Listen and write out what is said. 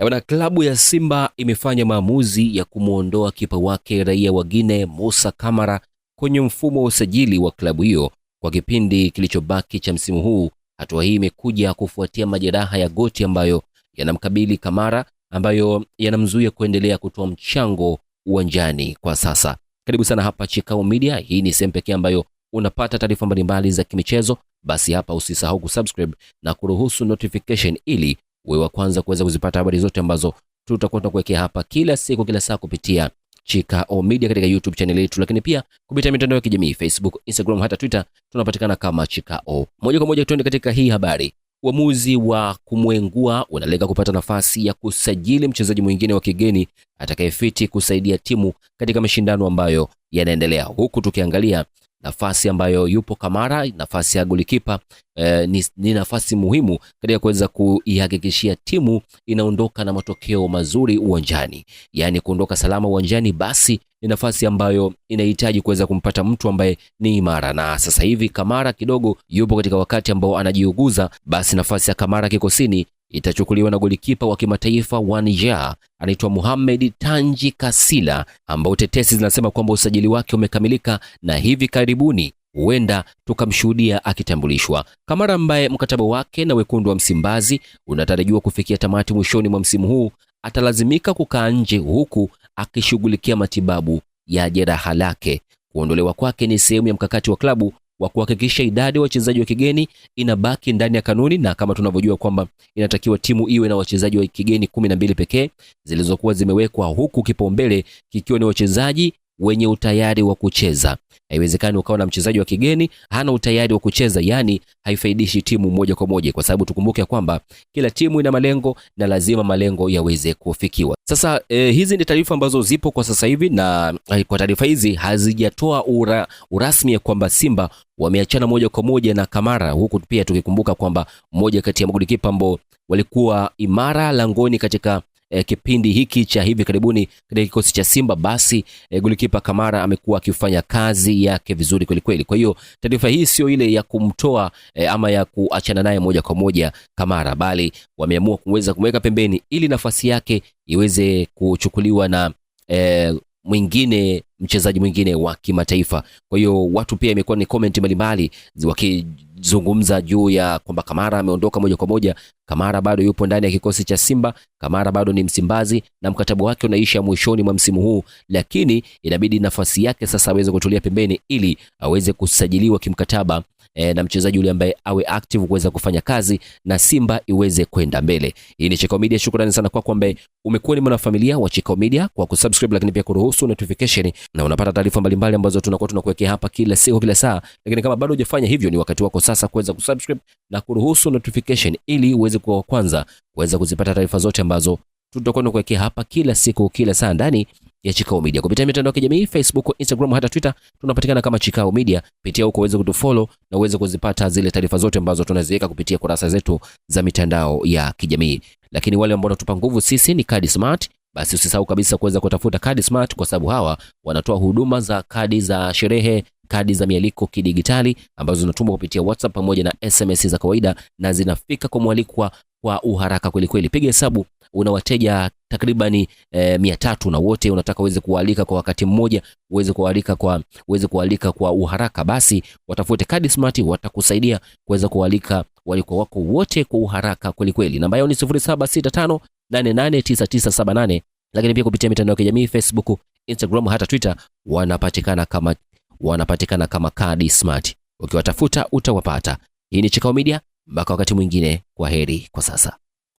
Bwana, klabu ya Simba imefanya maamuzi ya kumwondoa kipa wake raia wa Gine Musa Kamara kwenye mfumo wa usajili wa klabu hiyo kwa kipindi kilichobaki cha msimu huu. Hatua hii imekuja kufuatia majeraha ya goti ambayo yanamkabili Kamara, ambayo yanamzuia kuendelea kutoa mchango uwanjani kwa sasa. Karibu sana hapa Chikao Media. Hii ni sehemu pekee ambayo unapata taarifa mbalimbali za kimichezo. Basi hapa usisahau kusubscribe na kuruhusu notification ili uwe wa kwanza kuweza kuzipata habari zote ambazo tutakuwa tunakuwekea hapa kila siku, kila saa kupitia Chikao Media katika YouTube channel yetu, lakini pia kupitia mitandao ya kijamii Facebook, Instagram hata Twitter tunapatikana kama Chikao. Moja kwa moja tuende katika hii habari. Uamuzi wa kumwengua unalenga kupata nafasi ya kusajili mchezaji mwingine wa kigeni atakayefiti kusaidia timu katika mashindano ambayo yanaendelea, huku tukiangalia nafasi ambayo yupo Kamara, nafasi ya golikipa eh, ni, ni nafasi muhimu katika kuweza kuihakikishia timu inaondoka na matokeo mazuri uwanjani. Yaani kuondoka salama uwanjani, basi ni nafasi ambayo inahitaji kuweza kumpata mtu ambaye ni imara, na sasa hivi Kamara kidogo yupo katika wakati ambao anajiuguza, basi nafasi ya Kamara kikosini itachukuliwa na golikipa wa kimataifa wa Niger anaitwa Mohamed Tanji Kasila, ambao tetesi zinasema kwamba usajili wake umekamilika na hivi karibuni huenda tukamshuhudia akitambulishwa. Kamara ambaye mkataba wake na wekundu wa Msimbazi unatarajiwa kufikia tamati mwishoni mwa msimu huu atalazimika kukaa nje huku akishughulikia matibabu ya jeraha lake. Kuondolewa kwake ni sehemu ya mkakati wa klabu wa kuhakikisha idadi ya wachezaji wa kigeni inabaki ndani ya kanuni, na kama tunavyojua kwamba inatakiwa timu iwe na wachezaji wa kigeni kumi na mbili pekee zilizokuwa zimewekwa, huku kipaumbele kikiwa ni wachezaji wenye utayari wa kucheza. Haiwezekani ukawa na mchezaji wa kigeni hana utayari wa kucheza, yani haifaidishi timu moja kwa moja, kwa sababu tukumbuke kwamba kila timu ina malengo na lazima malengo yaweze kufikiwa. Sasa eh, hizi ni taarifa ambazo zipo kwa sasa hivi, na eh, kwa taarifa hizi hazijatoa ura, urasmi ya kwamba Simba wameachana moja kwa moja na Kamara, huku pia tukikumbuka kwamba mmoja kati ya magolikipa ambao walikuwa imara langoni katika E, kipindi hiki cha hivi karibuni katika kikosi cha Simba basi e, golikipa Kamara amekuwa akifanya kazi yake vizuri kweli kweli. Kwa hiyo taarifa hii sio ile ya kumtoa e, ama ya kuachana naye moja kwa moja Kamara, bali wameamua kuweza kumweka pembeni ili nafasi yake iweze kuchukuliwa na e, mwingine mchezaji mwingine wa kimataifa. Kwa hiyo watu pia imekuwa ni comment mbalimbali wakizungumza juu ya kwamba Kamara ameondoka moja kwa moja. Kamara bado yupo ndani ya kikosi cha Simba, Kamara bado ni Msimbazi na mkataba wake unaisha mwishoni mwa msimu huu, lakini inabidi nafasi yake sasa aweze kutulia pembeni ili aweze kusajiliwa kimkataba e, na mchezaji yule ambaye awe active kuweza kufanya kazi na Simba iweze kwenda mbele. Hii ni Chikao Media, shukrani sana kwako ambaye umekuwa ni mwanafamilia wa Chikao Media kwa kusubscribe, lakini pia kuruhusu notification, na unapata taarifa mbalimbali ambazo tunakuwa tunakuwekea hapa kila siku kila saa. Lakini kama bado hujafanya hivyo, ni wakati wako sasa kuweza kusubscribe na kuruhusu notification ili uweze kuwa wa kwanza kuweza kuzipata taarifa zote ambazo tutakuwa tunakuwekea hapa kila siku kila saa ndani ya Chikao Media kupitia mitandao ya kijamii Facebook, Instagram hata Twitter. Tunapatikana kama Chikao Media, pitia huko uweze kutufollow na uweze kuzipata zile taarifa zote ambazo tunaziweka kupitia kurasa zetu za mitandao ya kijamii. Lakini wale ambao wanatupa nguvu sisi ni Kadi Smart, basi usisahau kabisa kuweza kutafuta Kadi Smart kwa sababu hawa wanatoa huduma za kadi za sherehe, kadi za mialiko kidigitali ambazo zinatumwa kupitia WhatsApp pamoja na SMS za kawaida na zinafika kwa mwalikwa kwa uharaka kwelikweli. Piga hesabu una wateja takribani e, mia tatu na wote unataka uweze kualika kwa wakati mmoja, uweze kualika kwa uweze kualika kwa uharaka, basi watafute Kadi Smart, watakusaidia kuweza kualika walikuwa wako wote kwa uharaka kweli kweli. Namba yao ni 0765889978 lakini pia kupitia mitandao ya kijamii Facebook, Instagram hata Twitter wanapatikana kama wanapatikana kama Kadi Smart. Ukiwatafuta utawapata. Hii ni Chikao Media, mpaka wakati mwingine, kwa heri kwa sasa.